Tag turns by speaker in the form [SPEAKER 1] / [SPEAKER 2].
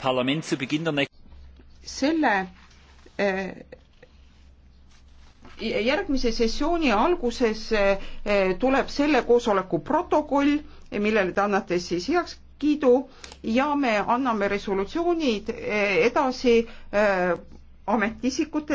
[SPEAKER 1] Parlament zu Beginn der
[SPEAKER 2] selle äh, järgmise sessiooni alguses äh, tuleb selle koosoleku protokoll, millele te annate siis heakskiidu ja me anname resolutsioonid äh, edasi ametiisikutele.